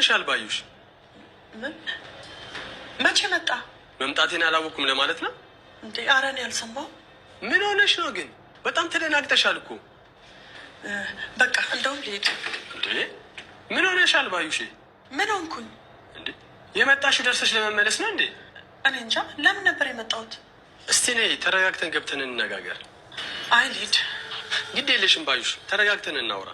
ሆነሻል ባዩሽ? መቼ መጣ? መምጣቴን አላወኩም ለማለት ነው እንዴ? ኧረ እኔ አልሰማሁም። ምን ሆነሽ ነው ግን? በጣም ተደናግጠሻል እኮ። በቃ እንደውም ልሄድ። ምን ሆነሻል ባዩሽ? ምን ሆንኩኝ እንዴ? የመጣሽ ደርሰሽ ለመመለስ ነው እንዴ? እኔ እንጃ ለምን ነበር የመጣሁት። እስቲ ነይ ተረጋግተን ገብተን እንነጋገር። አይ ልሂድ። ግድ የለሽም ባዩሽ፣ ተረጋግተን እናውራ።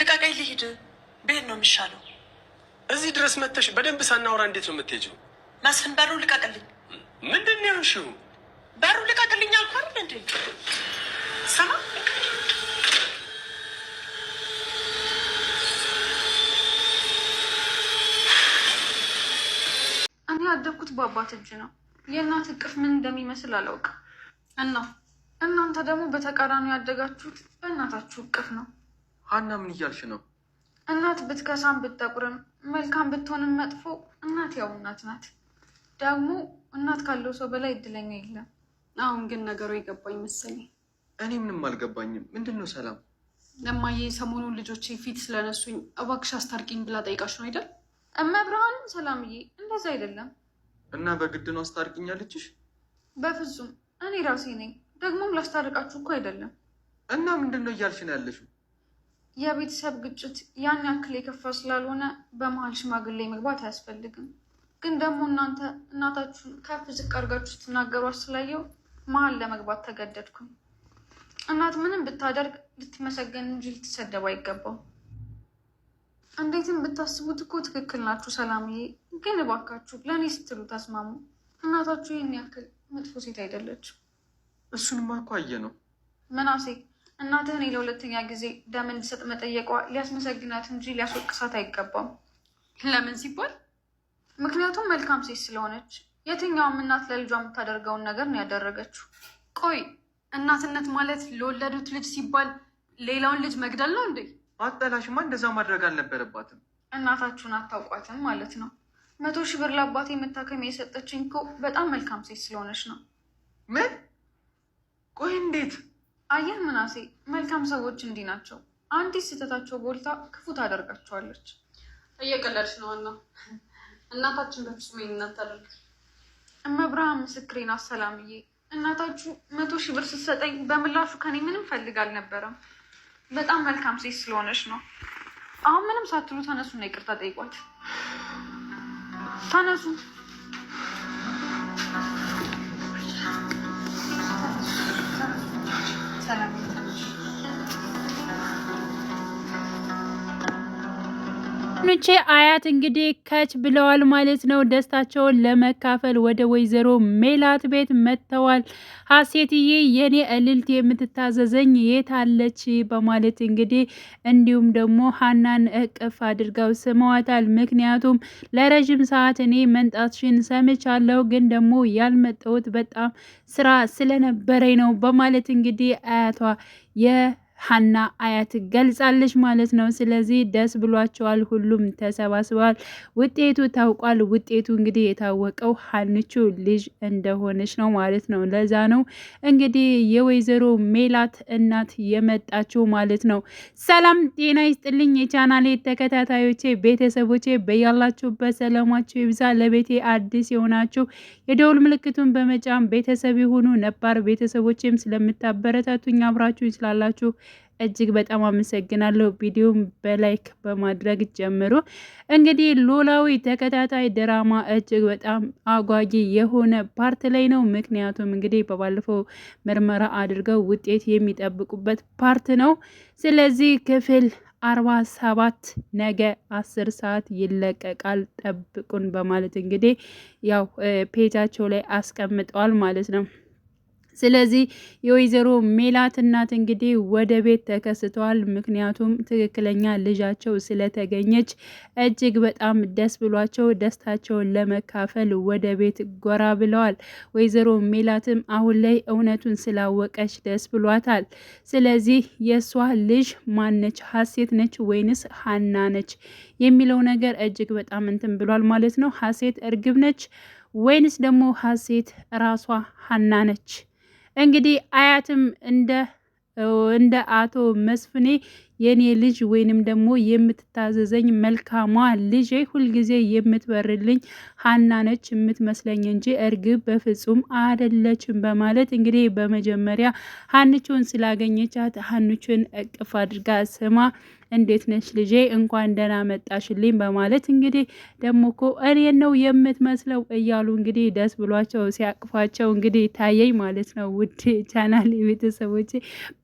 ልቀቀኝ ልሂድ። ቤት ነው የሚሻለው። እዚህ ድረስ መተሽ በደንብ ሳናወራ እንዴት ነው የምትሄጂው? መስፍን በሩ ልቀቅልኝ። ምንድን ነው ያልሽው? በሩ ልቀቅልኝ አልኳል። እንዴ ሰማ እኔ ያደግኩት በአባት እጅ ነው። የእናት እቅፍ ምን እንደሚመስል አላውቅም። እና እናንተ ደግሞ በተቃራኒ ያደጋችሁት በእናታችሁ እቅፍ ነው። ሀና ምን እያልሽ ነው? እናት ብትከሳም ብትጠቁርም መልካም ብትሆንም መጥፎ እናት ያው እናት ናት። ደግሞ እናት ካለው ሰው በላይ እድለኛ የለም። አሁን ግን ነገሩ የገባኝ መሰለኝ። እኔ ምንም አልገባኝም። ምንድን ነው ሰላም? ለማዬ ሰሞኑን ልጆቼ ፊት ስለነሱኝ እባክሽ አስታርቂኝ ብላ ጠይቃሽ ነው አይደል? እመብርሃንም ሰላምዬ እንደዛ አይደለም። እና በግድ ነው አስታርቂኝ በፍጹም እኔ ራሴ ነኝ። ደግሞም ላስታርቃችሁ እኮ አይደለም። እና ምንድን ነው እያልሽ ነው ያለሽው? የቤተሰብ ግጭት ያን ያክል የከፋ ስላልሆነ በመሀል ሽማግሌ መግባት አያስፈልግም። ግን ደግሞ እናንተ እናታችሁን ከፍ ዝቅ አድርጋችሁ ስትናገሩ ስላየው መሀል ለመግባት ተገደድኩኝ። እናት ምንም ብታደርግ ልትመሰገን እንጂ ልትሰደብ አይገባው። እንዴትም ብታስቡት እኮ ትክክል ናችሁ ሰላምዬ። ግን እባካችሁ ለእኔ ስትሉ ተስማሙ። እናታችሁ ይህን ያክል መጥፎ ሴት አይደለችም። እሱንማ እኮ አየ ነው ምናሴ እናትህን እኔ ለሁለተኛ ጊዜ ደም እንድሰጥ መጠየቋ ሊያስመሰግናት እንጂ ሊያስወቅሳት አይገባም። ለምን ሲባል ምክንያቱም መልካም ሴት ስለሆነች የትኛውም እናት ለልጇ የምታደርገውን ነገር ነው ያደረገችው። ቆይ እናትነት ማለት ለወለዱት ልጅ ሲባል ሌላውን ልጅ መግደል ነው እንዴ? አጠላሽማ እንደዛ ማድረግ አልነበረባትም። እናታችሁን አታውቋትም ማለት ነው። መቶ ሺህ ብር ለአባቴ መታከሚያ የሰጠችኝ እኮ በጣም መልካም ሴት ስለሆነች ነው። ምን? ቆይ እንዴት አየህ ምናሴ፣ መልካም ሰዎች እንዲህ ናቸው። አንዲት ስህተታቸው ጎልታ ክፉ ታደርጋቸዋለች። እየቀለድሽ ነው ዋና እናታችን በፍጹም እናታደርግ። እመብርሃን ምስክሬን አሰላምዬ፣ እናታችሁ መቶ ሺህ ብር ስትሰጠኝ በምላሹ ከኔ ምንም ፈልግ አልነበረም። በጣም መልካም ሴት ስለሆነች ነው። አሁን ምንም ሳትሉ ተነሱና ይቅርታ ጠይቋት። ተነሱ። sala. ኑቼ አያት እንግዲህ ከች ብለዋል ማለት ነው። ደስታቸውን ለመካፈል ወደ ወይዘሮ ሜላት ቤት መጥተዋል። ሀሴትዬ የኔ እልልት የምትታዘዘኝ የት አለች በማለት እንግዲህ እንዲሁም ደግሞ ሀናን እቅፍ አድርገው ስመዋታል። ምክንያቱም ለረዥም ሰዓት እኔ መንጣትሽን ሰምቻለሁ፣ ግን ደግሞ ያልመጣሁት በጣም ስራ ስለነበረኝ ነው በማለት እንግዲህ አያቷ ሀና አያት ገልጻለች ማለት ነው። ስለዚህ ደስ ብሏቸዋል። ሁሉም ተሰባስበዋል። ውጤቱ ታውቋል። ውጤቱ እንግዲህ የታወቀው ሀንቹ ልጅ እንደሆነች ነው ማለት ነው። ለዛ ነው እንግዲህ የወይዘሮ ሜላት እናት የመጣችው ማለት ነው። ሰላም ጤና ይስጥልኝ የቻናሌ ተከታታዮቼ ቤተሰቦቼ፣ በያላችሁበት ሰላማችሁ ይብዛ። ለቤቴ አዲስ የሆናችሁ የደውል ምልክቱን በመጫን ቤተሰብ የሆኑ ነባር ቤተሰቦቼም ስለምታበረታቱኝ አብራችሁ ይችላላችሁ እጅግ በጣም አመሰግናለሁ። ቪዲዮን በላይክ በማድረግ ጀምሩ። እንግዲህ ኖላዊ ተከታታይ ድራማ እጅግ በጣም አጓጊ የሆነ ፓርት ላይ ነው። ምክንያቱም እንግዲህ በባለፈው ምርመራ አድርገው ውጤት የሚጠብቁበት ፓርት ነው። ስለዚህ ክፍል አርባ ሰባት ነገ አስር ሰዓት ይለቀቃል ጠብቁን በማለት እንግዲህ ያው ፔጃቸው ላይ አስቀምጠዋል ማለት ነው። ስለዚህ የወይዘሮ ሜላት እናት እንግዲህ ወደ ቤት ተከስተዋል። ምክንያቱም ትክክለኛ ልጃቸው ስለተገኘች እጅግ በጣም ደስ ብሏቸው ደስታቸውን ለመካፈል ወደ ቤት ጎራ ብለዋል። ወይዘሮ ሜላትም አሁን ላይ እውነቱን ስላወቀች ደስ ብሏታል። ስለዚህ የእሷ ልጅ ማነች? ሀሴት ነች ወይንስ ሀና ነች የሚለው ነገር እጅግ በጣም እንትን ብሏል ማለት ነው። ሀሴት እርግብ ነች ወይንስ ደግሞ ሀሴት ራሷ ሀና ነች? እንግዲህ አያትም እንደ እንደ አቶ መስፍኔ የኔ ልጅ ወይንም ደግሞ የምትታዘዘኝ መልካሟ ልጄ ሁልጊዜ የምትበርልኝ ሀና ነች የምትመስለኝ እንጂ እርግብ በፍጹም አደለችም በማለት እንግዲህ በመጀመሪያ ሀንቹን ስላገኘቻት ሀንቹን እቅፍ አድርጋ ስማ እንዴት ነች ልጄ እንኳን ደህና መጣሽልኝ በማለት እንግዲህ ደግሞ እኮ እኔን ነው የምትመስለው እያሉ እንግዲህ ደስ ብሏቸው ሲያቅፏቸው እንግዲህ ታየኝ ማለት ነው። ውድ ቻናል ቤተሰቦች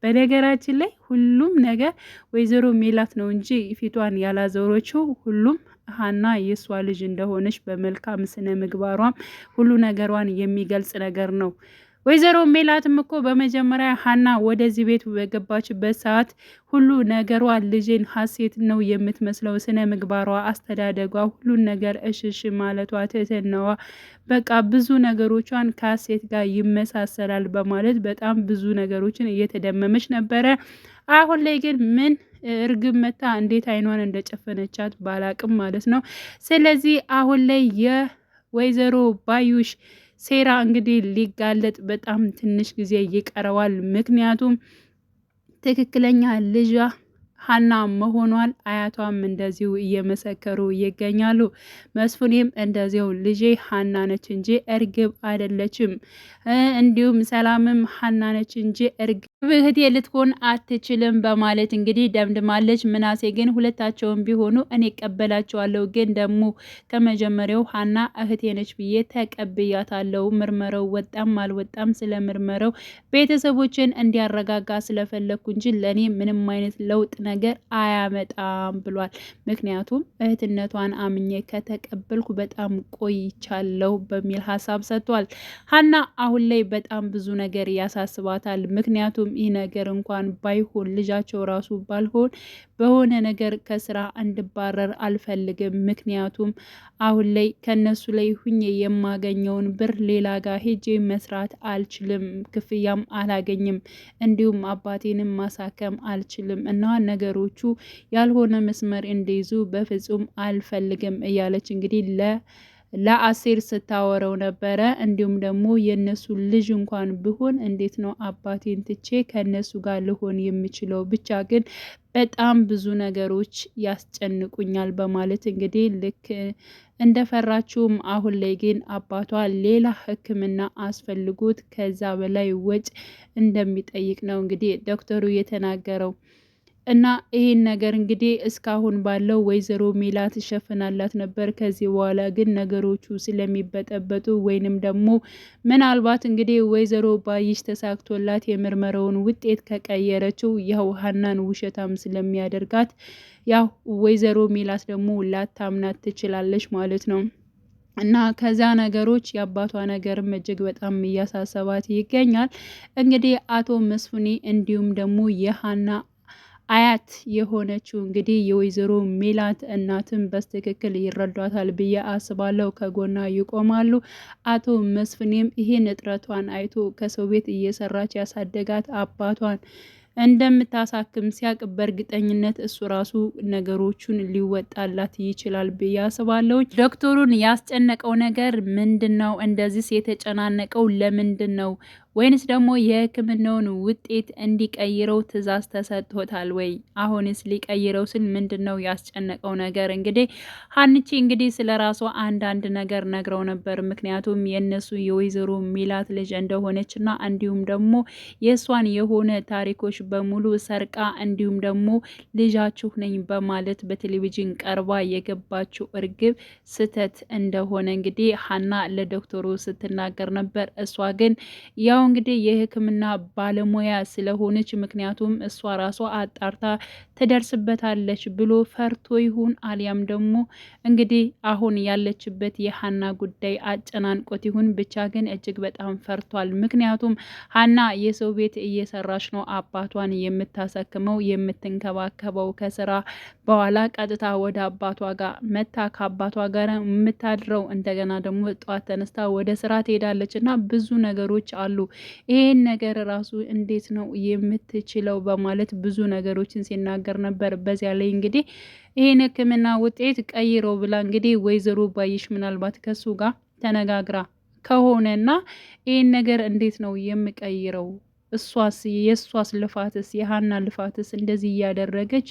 በነገራችን ላይ ሁሉም ነገር ወይዘሮ ሜላት ነው እንጂ ፊቷን ያላዞረችው ሁሉም ሀና የእሷ ልጅ እንደሆነች በመልካም ስነ ምግባሯም ሁሉ ነገሯን የሚገልጽ ነገር ነው። ወይዘሮ ሜላትም እኮ በመጀመሪያ ሀና ወደዚህ ቤት በገባችበት ሰዓት ሁሉ ነገሯ ልጅን ሀሴት ነው የምትመስለው። ስነ ምግባሯ፣ አስተዳደጓ፣ ሁሉን ነገር እሽሽ ማለቷ፣ ትህትናዋ በቃ ብዙ ነገሮቿን ከሀሴት ጋር ይመሳሰላል በማለት በጣም ብዙ ነገሮችን እየተደመመች ነበረ። አሁን ላይ ግን ምን እርግብ መታ እንዴት አይኗን እንደጨፈነቻት ባላቅም ማለት ነው። ስለዚህ አሁን ላይ የወይዘሮ ባዩሽ ሴራ እንግዲህ ሊጋለጥ በጣም ትንሽ ጊዜ ይቀረዋል። ምክንያቱም ትክክለኛ ልጇ ሀና መሆኗን አያቷም እንደዚሁ እየመሰከሩ ይገኛሉ። መስፍኔም እንደዚሁ ልጄ ሀና ነች እንጂ እርግብ አይደለችም፣ እንዲሁም ሰላምም ሀና ነች እንጂ እርግብ እህቴ ልትሆን አትችልም በማለት እንግዲህ ደምድማለች። ምናሴ ግን ሁለታቸውም ቢሆኑ እኔ እቀበላቸዋለሁ፣ ግን ደግሞ ከመጀመሪያው ሀና እህቴ ነች ብዬ ተቀብያታለሁ። ምርመራው ወጣም አልወጣም ስለ ቤተሰቦችን እንዲያረጋጋ ስለፈለግኩ እንጂ ለእኔ ምንም አይነት ለውጥ ነገር ነገር አያመጣም ብሏል። ምክንያቱም እህትነቷን አምኜ ከተቀበልኩ በጣም ቆይቻለሁ በሚል ሀሳብ ሰጥቷል። ሀና አሁን ላይ በጣም ብዙ ነገር ያሳስባታል። ምክንያቱም ይህ ነገር እንኳን ባይሆን ልጃቸው ራሱ ባልሆን በሆነ ነገር ከስራ እንድባረር አልፈልግም። ምክንያቱም አሁን ላይ ከነሱ ላይ ሁኜ የማገኘውን ብር ሌላ ጋር ሄጄ መስራት አልችልም፣ ክፍያም አላገኝም፣ እንዲሁም አባቴንም ማሳከም አልችልም እና ነገ ነገሮቹ ያልሆነ መስመር እንዲይዙ በፍጹም አልፈልግም እያለች እንግዲህ ለ ለአሴር ስታወረው ነበረ። እንዲሁም ደግሞ የእነሱ ልጅ እንኳን ብሆን እንዴት ነው አባቴን ትቼ ከእነሱ ጋር ልሆን የምችለው? ብቻ ግን በጣም ብዙ ነገሮች ያስጨንቁኛል በማለት እንግዲህ ልክ እንደፈራችውም አሁን ላይ ግን አባቷ ሌላ ሕክምና አስፈልጎት ከዛ በላይ ወጪ እንደሚጠይቅ ነው እንግዲህ ዶክተሩ የተናገረው። እና ይህን ነገር እንግዲህ እስካሁን ባለው ወይዘሮ ሜላ ትሸፍናላት ነበር። ከዚህ በኋላ ግን ነገሮቹ ስለሚበጠበጡ ወይንም ደግሞ ምናልባት እንግዲህ ወይዘሮ ባይሽ ተሳክቶላት የምርመራውን ውጤት ከቀየረችው ያው ሀናን ውሸታም ስለሚያደርጋት ያው ወይዘሮ ሜላት ደግሞ ላታምናት ትችላለች ማለት ነው። እና ከዛ ነገሮች የአባቷ ነገርም እጅግ በጣም እያሳሰባት ይገኛል። እንግዲህ አቶ መስፍኔ እንዲሁም ደግሞ የሀና አያት የሆነችው እንግዲህ የወይዘሮ ሜላት እናትን በስትክክል ይረዷታል ብዬ አስባለሁ። ከጎና ይቆማሉ። አቶ መስፍኔም ይህን እጥረቷን አይቶ ከሰው ቤት እየሰራች ያሳደጋት አባቷን እንደምታሳክም ሲያቅ በእርግጠኝነት እሱ ራሱ ነገሮቹን ሊወጣላት ይችላል ብዬ አስባለሁ። ዶክተሩን ያስጨነቀው ነገር ምንድን ነው? እንደዚህ የተጨናነቀው ለምንድን ነው? ወይንስ ደግሞ የህክምናውን ውጤት እንዲቀይረው ትዕዛዝ ተሰጥቶታል ወይ? አሁንስ ሊቀይረው ስል ምንድን ነው ያስጨነቀው ነገር? እንግዲህ ሀንቺ እንግዲህ ስለ ራሷ አንዳንድ ነገር ነግረው ነበር። ምክንያቱም የእነሱ የወይዘሮ ሚላት ልጅ እንደሆነች ና እንዲሁም ደግሞ የእሷን የሆነ ታሪኮች በሙሉ ሰርቃ እንዲሁም ደግሞ ልጃችሁ ነኝ በማለት በቴሌቪዥን ቀርባ የገባችው እርግብ ስህተት እንደሆነ እንግዲህ ሀና ለዶክተሩ ስትናገር ነበር። እሷ ግን ያው እንግዲህ የሕክምና ባለሙያ ስለሆነች ምክንያቱም እሷ ራሷ አጣርታ ትደርስበታለች ብሎ ፈርቶ ይሁን አሊያም ደግሞ እንግዲህ አሁን ያለችበት የሀና ጉዳይ አጨናንቆት ይሁን ብቻ ግን እጅግ በጣም ፈርቷል። ምክንያቱም ሀና የሰው ቤት እየሰራች ነው አባቷን የምታሰክመው የምትንከባከበው። ከስራ በኋላ ቀጥታ ወደ አባቷ ጋር መታ ከአባቷ ጋር የምታድረው እንደገና ደግሞ ጠዋት ተነስታ ወደ ስራ ትሄዳለች እና ብዙ ነገሮች አሉ። ይሄን ነገር ራሱ እንዴት ነው የምትችለው በማለት ብዙ ነገሮችን ሲናገር ነበር። በዚያ ላይ እንግዲህ ይህን ሕክምና ውጤት ቀይረው ብላ እንግዲህ ወይዘሮ ባይሽ ምናልባት ከሱ ጋር ተነጋግራ ከሆነና ይህን ነገር እንዴት ነው የምቀይረው እሷስ የእሷስ ልፋትስ የሀና ልፋትስ እንደዚህ እያደረገች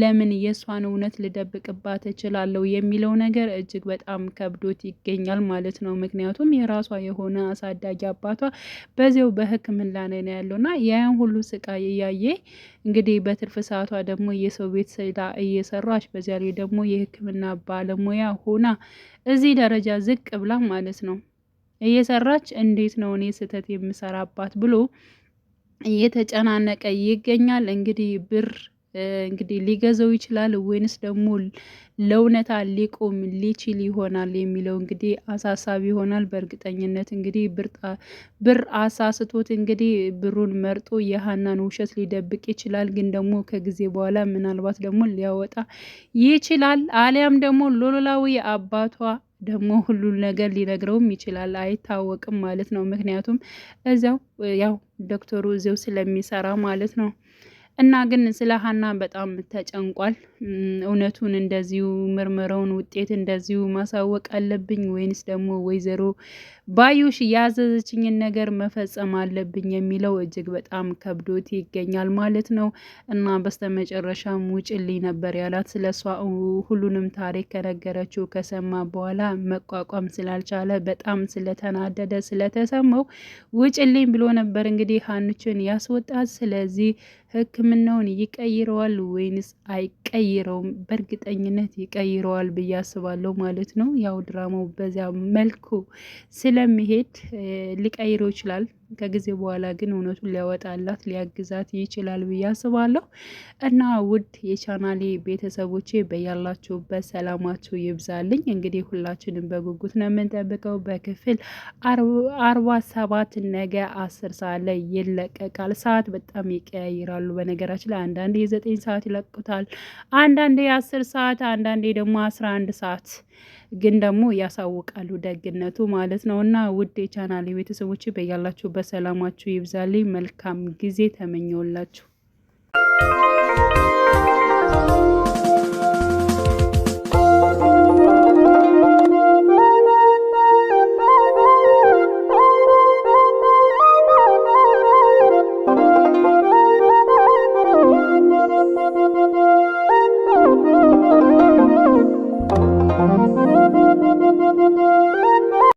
ለምን የእሷን እውነት ልደብቅባት እችላለሁ የሚለው ነገር እጅግ በጣም ከብዶት ይገኛል ማለት ነው። ምክንያቱም የራሷ የሆነ አሳዳጊ አባቷ በዚያው በሕክምና ላይ ነው ያለውና ያን ሁሉ ስቃይ እያየ እንግዲህ በትርፍ ሰዓቷ ደግሞ የሰው ቤት ስራ እየሰራች በዚያ ላይ ደግሞ የሕክምና ባለሙያ ሆና እዚህ ደረጃ ዝቅ ብላ ማለት ነው እየሰራች እንዴት ነው እኔ ስህተት የምሰራባት ብሎ እየተጨናነቀ ይገኛል። እንግዲህ ብር እንግዲህ ሊገዛው ይችላል ወይንስ ደግሞ ለእውነታ ሊቆም ሊችል ይሆናል የሚለው እንግዲህ አሳሳቢ ይሆናል። በእርግጠኝነት እንግዲህ ብር አሳስቶት እንግዲህ ብሩን መርጦ የሀናን ውሸት ሊደብቅ ይችላል። ግን ደግሞ ከጊዜ በኋላ ምናልባት ደግሞ ሊያወጣ ይችላል። አሊያም ደግሞ ሎሎላዊ አባቷ ደግሞ ሁሉን ነገር ሊነግረውም ይችላል። አይታወቅም ማለት ነው። ምክንያቱም እዚያው ያው ዶክተሩ እዚያው ስለሚሰራ ማለት ነው። እና ግን ስለ ሀና በጣም ተጨንቋል። እውነቱን እንደዚሁ ምርመራውን ውጤት እንደዚሁ ማሳወቅ አለብኝ ወይንስ ደግሞ ወይዘሮ ባዩሽ ያዘዘችኝን ነገር መፈጸም አለብኝ የሚለው እጅግ በጣም ከብዶት ይገኛል ማለት ነው። እና በስተመጨረሻም ውጭልኝ ነበር ያላት። ስለ እሷ ሁሉንም ታሪክ ከነገረችው ከሰማ በኋላ መቋቋም ስላልቻለ በጣም ስለተናደደ ስለተሰማው ውጭልኝ ብሎ ነበር እንግዲህ ሀንችን ያስወጣት ስለዚህ ህክምናውን ይቀይረዋል ወይንስ አይቀይረውም? በእርግጠኝነት ይቀይረዋል ብዬ አስባለሁ ማለት ነው። ያው ድራማው በዚያ መልኩ ስለሚሄድ ሊቀይረው ይችላል። ከጊዜ በኋላ ግን እውነቱን ሊያወጣላት ሊያግዛት ይችላል ብዬ አስባለሁ። እና ውድ የቻናሌ ቤተሰቦቼ በያላችሁበት ሰላማችሁ ይብዛልኝ። እንግዲህ ሁላችንም በጉጉት ነው የምንጠብቀው። በክፍል አርባ ሰባት ነገ አስር ሰዓት ላይ ይለቀቃል። ሰዓት በጣም ይቀያይራሉ። በነገራችን ላይ አንዳንዴ የዘጠኝ ሰዓት ይለቁታል፣ አንዳንዴ የአስር ሰዓት አንዳንዴ ደግሞ አስራ አንድ ሰዓት ግን ደግሞ ያሳውቃሉ ደግነቱ ማለት ነው። እና ውድ የቻናል ቤተሰቦች በያላችሁ በሰላማችሁ ይብዛልኝ። መልካም ጊዜ ተመኘውላችሁ።